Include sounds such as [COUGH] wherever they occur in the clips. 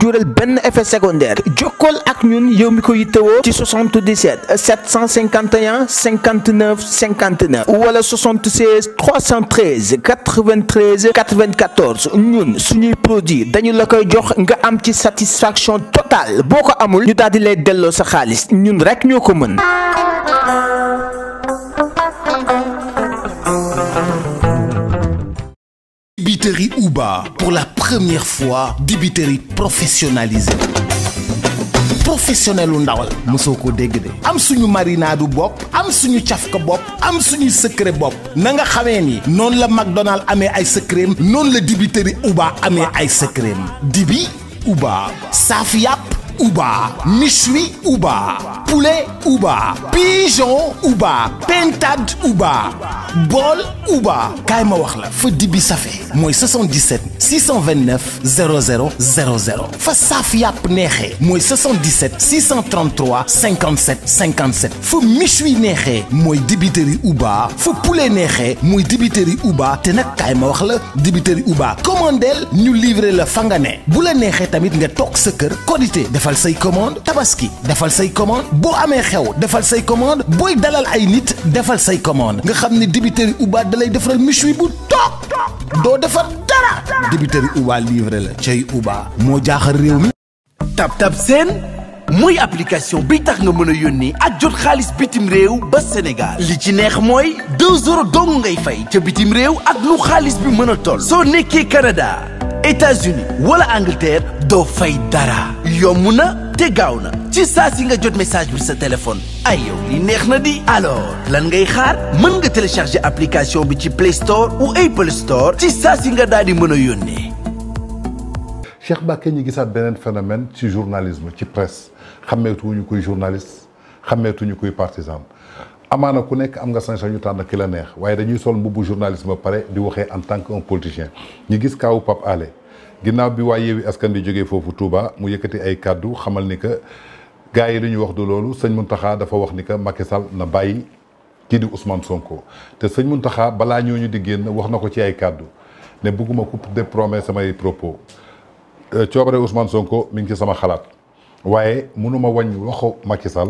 Le bon effet secondaire djokol ak ñun yow mi ko ci 77 751 59 59 wala 76 313 93 94 ñun suñuy produit dañu la koy jox nga am ci satisfaction totale boko amul ñu daal di lay dello sa xaliss ñun rek ñoko ko uba pour la première fois débiterie professionnalisée professionnel ndawal mosoo nous de am suñu marinade bop, am suñu bop, am suñu secret bop. Nanga nga ni la McDonald amé ay secret non le dibiteri Uba amé ay secret dibi Uba safiap Uba ouba, Uba poulet Uba pigeon Uba pentad Uba Bol Uba kaay ma wax la fa 77 629 0000, fa saaf yàpp nexé 77 633 57 57 fa méchoui neexee mooy dibitëri Uba fa Poule neexee dibiteri ou Uba té nak kaay ma wax la dibitëri Uba Commandel ñu livrer la fangane, Boule ne la tamit nga tok sa kër commande Tabaski defal say commande Bo amé xew defal commande boy dalal ay nit defal commande nga dibitëri Uba dalay defaral méchoui bu toog doo defar dara dibitëri Uba la cay Uba moo jaaxal réew mi tab tab seen mooy application bi tax nga mën a yónnee ak jot xaalis bitim réew ba Sénégal li ci neex mooy 2 euros dong ngay fay ca bitim réew ak lu xaalis bi mën a toll soo nekkee Canada États-Unis wala Angleterre doo fay dara yomb na te gaaw na ci saa si nga jot message bi sa téléphone ayo li neex na di alors lan ngay xaar mën nga télécharger application bi ci Play Store ou Apple Store ci saa si nga daal di mën a yónnee. Cheikh Bakay ñu gisaat beneen phénomène ci journalisme ci presse xàmmeetuñu koy journaliste xàmmeetuñu koy partisan amaana ku nekk am nga sañ-sañu tànn ki la neex waaye dañuy sol mbubbu journalisme pare di waxee en tant que un politicien ñu gis kaawu Pape Alé ginnaaw bi waa Askan Wi jógee foofu Touba mu yëkkati ay kàddu xamal ni que. gars yi dañuy wax du loolu sëñ mun taxaa dafa wax ni que Macky Sall na bàyyi kii di Ousmane Sonko te sëñ mun taxaa balaa ñu di génn wax na ko ci ay kàddu ne bëgguma coupe de promesse samay propos euh, coobare Ousmane Sonko mi ngi ci sama xalaat waaye mënuma wàññi waxu Macky Sall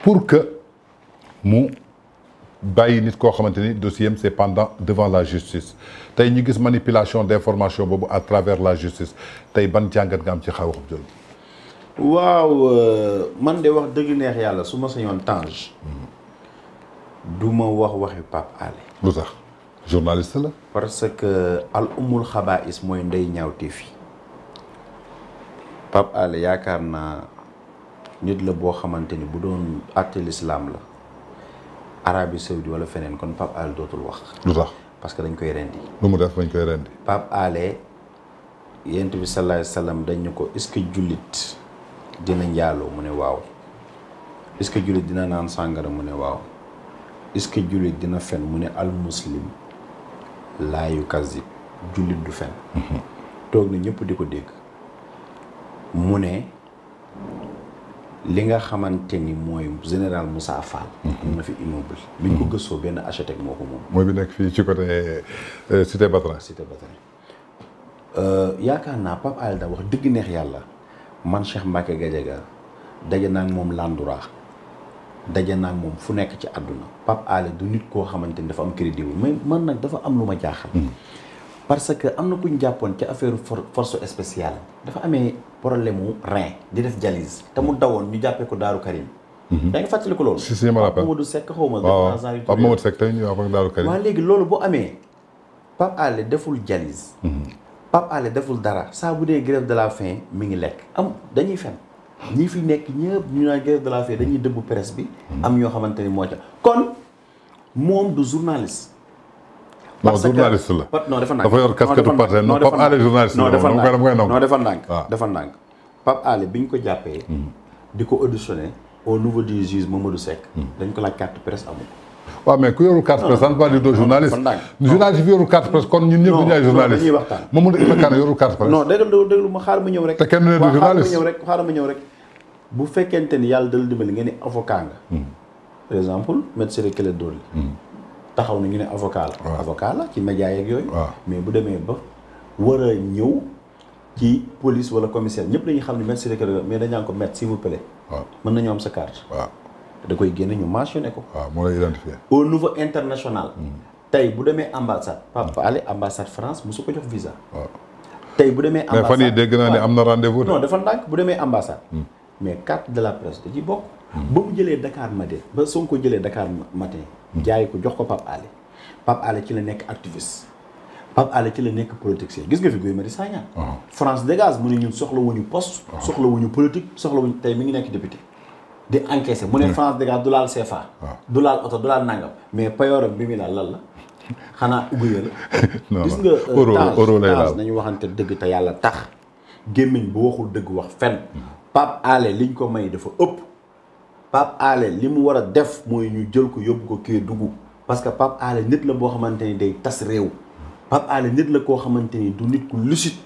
pour que mu bàyyi nit koo xamante ni dossier am c'est pendant devant la justice tey ñu gis manipulation de formation boobu à travers la justice tey ban jàngat nga am ci xaw wax jooju waaw euh, man de wax deug neex yalla suma ma sañoon Tange du ma wax waxe Pape Ali. Lutax? journaliste la parce que al umul khaba'is moy ndey ñawte fi. Pape Ali yaakaar nit la bo xamanteni bu doon atel islam la Arabie Saoudi wala fenen kon Pape Ali dootul wax Lutax? parce que dañ koy rendi lu mu def dañ koy rendi Pape Ali yentibi sallallahu alayhi wasallam dañ ñuko ko est-ce que dina njaaloo mu ne waaw est-ce jullit dina naan sàngara mu ne waaw est-ce jullit dina fen mu ne al muslim laayu kasib jullit du fen [LAUGHS] toog na ñëpp di ko dégg mu ne li nga xamante ni mooy général Moussa Fall. Mhm. am na fi immeuble. bi ñu ko mhm. gëstoo benn acheté moo ko moom. mooy bi nekk fii ci côté euh, Cité Batra. Cité Batra euh, yaakaar naa Pape Alda wax dëgg neex yàlla. man Cheikh Mbacke Gadiaga daje naa moom Landoura daje naa moom fu nekk ci àdduna Pape Alé du nit koo xamante ni dafa am crédit wu mais man nag dafa am lu ma jaaxal. Hmm. parce que am na ku ñu jàppoon ci affaire force spéciale dafa amee problème mu rein di def dialyse te mu hmm. dawoon ñu jàppee ko Daaru Karim. Hmm. yaa ngi fàttaliku loolu. si si ma rappel Pape Mamadou Seck xaw ma. waaw Pape Mamadou Seck tey ñu wax ak Daaru Karim. loolu bu amee Pape deful dialyse. un Alé deful dara a grève de la faim mi ngi am dañuy ñi fi nek ñu grève de la faim dañuy debbu presse bi am ño xamanteni kon journaliste journaliste la non defal dafa journaliste non defal ah. defal hmm. auditionné au nouveau du juge Mamadou Seck hmm. dañ ko carte presse waaw ku yoru carte presse daan ba di doo journaliste journaliste bi eu carte presse kon ñun ñëpp dañu ay journaliste moom um Iba Kane yoru carte presse non dégg déglu ma xaar ma ñëw rek te kenn ne du journaliste que rek xaar ma ñëw rek bu fekkente ni yàlla dal dimbali ngeen ne avocat nga par exemple maître Ciré Clédor Ly taxaw na ñu ne avocat la avocat la ci média yeeg yooyu mais bu demee ba a ci police wala commissaire ñëpp dañuy xam ne maître Ciré Clédor Ly mais dañaan ko maître s'il vous plaît mën nañu am sa carte waaw da koy génne ñu mentionné ko. waaw moo lay identifié. au niveau international. Mm. tey bu demee ambassade. Pape mm. Alé ambassade France musu ko jox visa. waaw bu demee. ambassade mais fan yii dégg naa am na rendez-vous. non dafa bu demee ambassade. Mm. mais carte de la presse da ciy bokk. ba mu jëlee Dakar matin ba soo ko jëlee Dakar matin. jaay ko jox ko Pape Alé. Pape Alé ci la nekk activiste. Pape Alé ci la nekk politicien gis nga fi Guy Marius Sagna. Uh-huh. France dégage mu ne ñun soxla wuñu poste. Uh-huh. soxla wuñu politique soxla wuñu tey mi ngi nekk député. di encaissé mu ne hmm. France dégg du laal CFA. du laal oto du laal nangam mais payooram bimi muy laal la xanaa ubbiyee la. [LAUGHS] gis nga taas euh, taas nañu waxante dëgg te yàlla tax. Gemign bu waxul deug wax fen. Hmm. Pap Ale liñ ko may dafa ëpp. Pape Alé li mu war def moy ñu jël ko yob ko Kédougou parce que Pap Ale nit la bo xamante ni day tas rew. Pap Ale nit la ko xamante ni du nit ku lucide.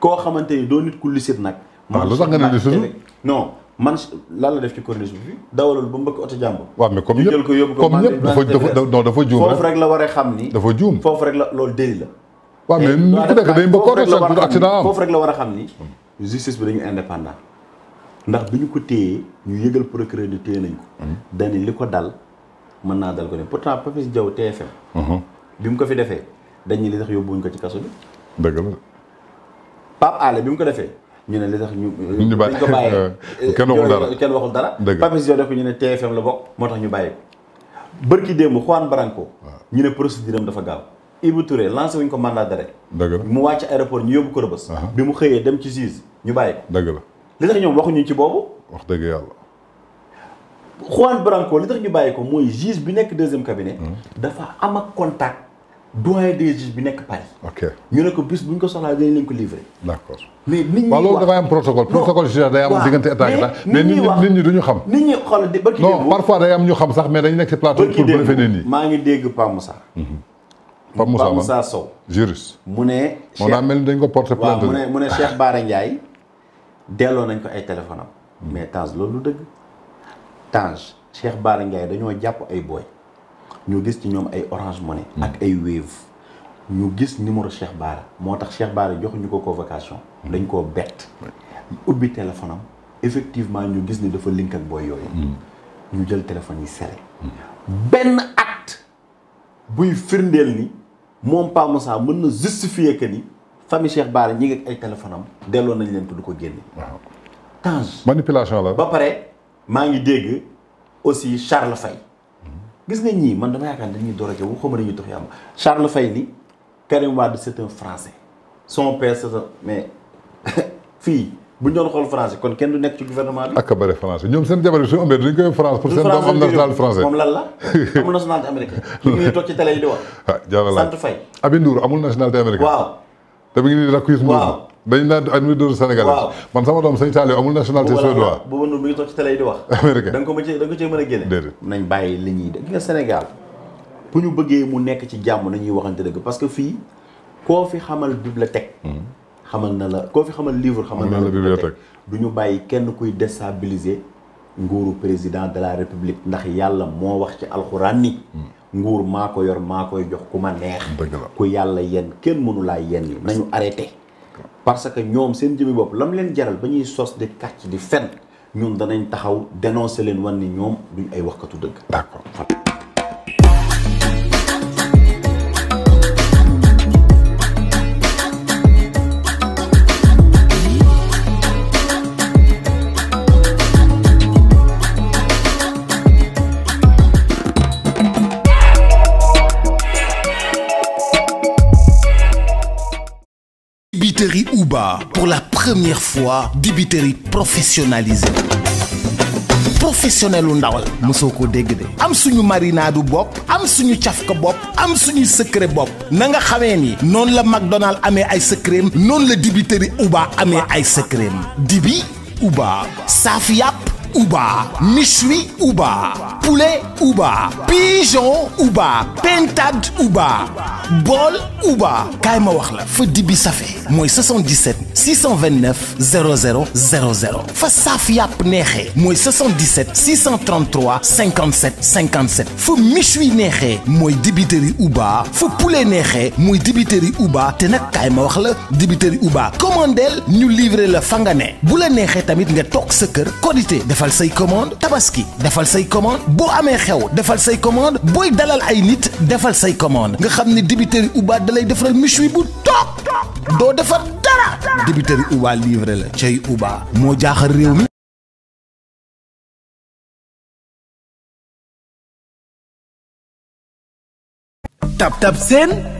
Ko xamante do nit ku lucide nak. waaw ah, lu tax nga ne non. man lan la def ci corniche bi dawalal ba mbëkk oto jàmbur. waaw mais comme ñëpp jël ko yóbbu ko comme ñëpp dafa dafa non dafa juum foofu rek la war a xam ni. dafa juum foofu rek la loolu déli la. waaw mais nu ku nekk day mbëkk oto sax la war a xam ni. justice bi dañu indépendant ndax bi ñu ko téyee ñu yëgal procureur di téye nañ ko. Mhm. dañ li ko dal mën naa dal ko ne pourtant Papis Diaw TFM. Mhm. bi mu ko fi defee dañ li tax yóbbuwuñ ko ci kaso bi. dëgg la. Pape Alé bi mu ko defee. ñu ne li tax ñu. ñu bàyyi ko bàyyi [LAUGHS] kenn waxul dara kenn waxul dara. Papis Diop def ko ñu ne TFM la bokk moo tax ñu bàyyi ko. bërki démb Juan Branco. ñu ne procédure am dafa gaal Ibou Touré lancé wuñ ko mandat d'arrêt. dëgg la mu wàcc aéroport ñu yóbbu ko Rebeuss. bi mu xëyee dem ci juge ñu bàyyi ko. dëgg la li tax ñoom waxuñu ci boobu. wax dëgg yàlla. Juan Branco li tax ñu bàyyi ko mooy juge bi nekk deuxième cabinet. dafa am ak contact. doyen des juges bi nekk Paris. ok ñu ne ko bis bu ñu ko soxlaa dinañ leen ko livrer. d' accord mais nit ñi am protocole. protocole judiciaire day am diggante état ak mais du ñu xam. nit ñi xool ba kii non parfois day am ñu xam sax mais dañu nekk ci plateau. pour bëri nit ñi maa ngi dégg Pape Moussa. Mhm. Pape Moussa Pape Sow. juriste mu ne. moom daa mel ni dañ ko porter plainte. mu ne mu ne Cheikh Bara Ndiaye. delloo nañ ko ay téléphone mhm. mais Tange loolu dëgg. Tange Cheikh Bara Ndiaye dañoo jàpp ay booy Nous avons ci Orange Money hmm. ak Wave ñu le numéro Cheikh Barre. Nous Cheikh Nous ko convocation hmm. dañ Nous avons une téléphone effectivement nous avons ni dafa link ak Nous hmm. ñu jël téléphone yi une Ben acte une ni Nous justifier que ni famille Cheikh barre. ñi ak téléphone nous manipulation la ba aussi Charles Faye gis nga ñii man dama yaakaar ne dañuy door a jaww xaw ma dañuy dox yàlla Charles Faye ni Karim Wade c' est français son père c' est mais [LAUGHS] fii bu ñu doon xool français kon kenn du nekk ci gouvernement bi. ak a bëri français ñoom seen jabar yi suñu ëmbee dañu koy France pour seen doom am nationalité français moom lan la [LAUGHS] amul nationalité américaine. ñu ngi toog ci télé yi di wax. ah jàllale sant Faye. Abi Ndour amul waaw te ngi nii rakk Youssou Ndour. waaw. dañ naan ak de dóor sénégalais man sama doom sëñ Saliou amul nationalité suédois boobu noonu mi ngi toog ci télé yi di wax américain da nga ko mën cee da nga ko cee mën a génne déedéet nañ bàyyi li ñuy def nga Sénégal bu ñu bëggee mu nekk ci jàmm nañuy waxante dëgg parce que fii koo fi xamal bibliothèque xamal na la koo fi xamal livre xamal na la bibliothèque du ñu bàyyi kenn kuy déstabiliser nguuru président de la république ndax yàlla moo wax ci alxuraan ni nguur maa ko yor maa koy jox ku ma neex ku yàlla yenn kenn mënu laa yenn nañu arrêté parce que ñom seen jëmmi bopp lam leen jaral ba ñuy sos de katch di fenn ñun danañ taxaw dénoncer leen wan ni ñoom duñ ay waxkatu deug d'accord Touba pour la première fois dibiteri professionnalisé professionnel ndawal Musoko ko de am suñu marinade bop am suñu cafka bop am suñu secret bop na nga xamé ni non la McDonald ice ay secret non la dibiteri Uba mis ay cream dibi Uba saf yap Uba méchoui Uba poulet ou pigeon ou bas, pentade bol bas, bol ou bas. wax dibi 77 629 00 00 fa Moi yàpp neexee 77 633 57 57 Fou michui neexee moy dibiteri ou bas Fou poulet neexee Moi dibiteri ou bas te nag kaay ou bas livrer la fangané. ne bu la tamit nga tok sa kër defal commande Tabaski defal say commande bo amé xew defal say commande boy dalal ay nit defal say commande nga xamni débiteur débiteurs ba dalay defal lay bu tok do defal dara débiteur yi ba livrer la cay Uba mo jaaxal rew mi. tap tap sen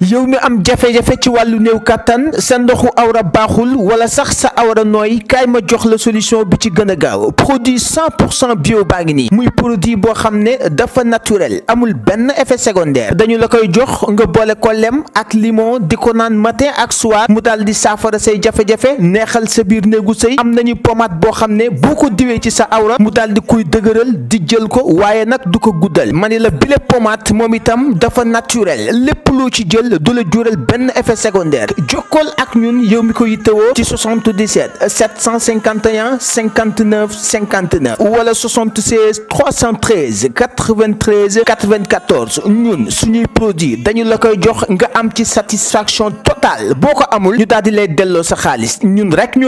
yow mi am jafé jafé ci walu new katan sa ndoxu awra baaxul wala sax sa awra noy kay ma jox la solution bi ci gëna gaaw produit 100 bio bagni ngi muy produit bo xamné dafa naturel amul benn effet secondaire dañu la koy jox nga bolé ko lem ak limon diko nan matin ak soir mu daal di say jafe jafé neexal sa bir negu sëy am nañu pommade bo xamné ne diwé ci sa awra mu daal di kuy dëgëral di jël ko wayé nak duko guddal la bile pommade Momitam dafa naturel lepp lu ci d'où le le jurel ben effet secondaire je ak ñun yow mi ko ci 77 751 59 59 ou wala 76 313 93 94 ñun suñuy produit dañu la koy jox nga am satisfaction totale boko amul ñu daal di lay dello sa xaliss ñun rek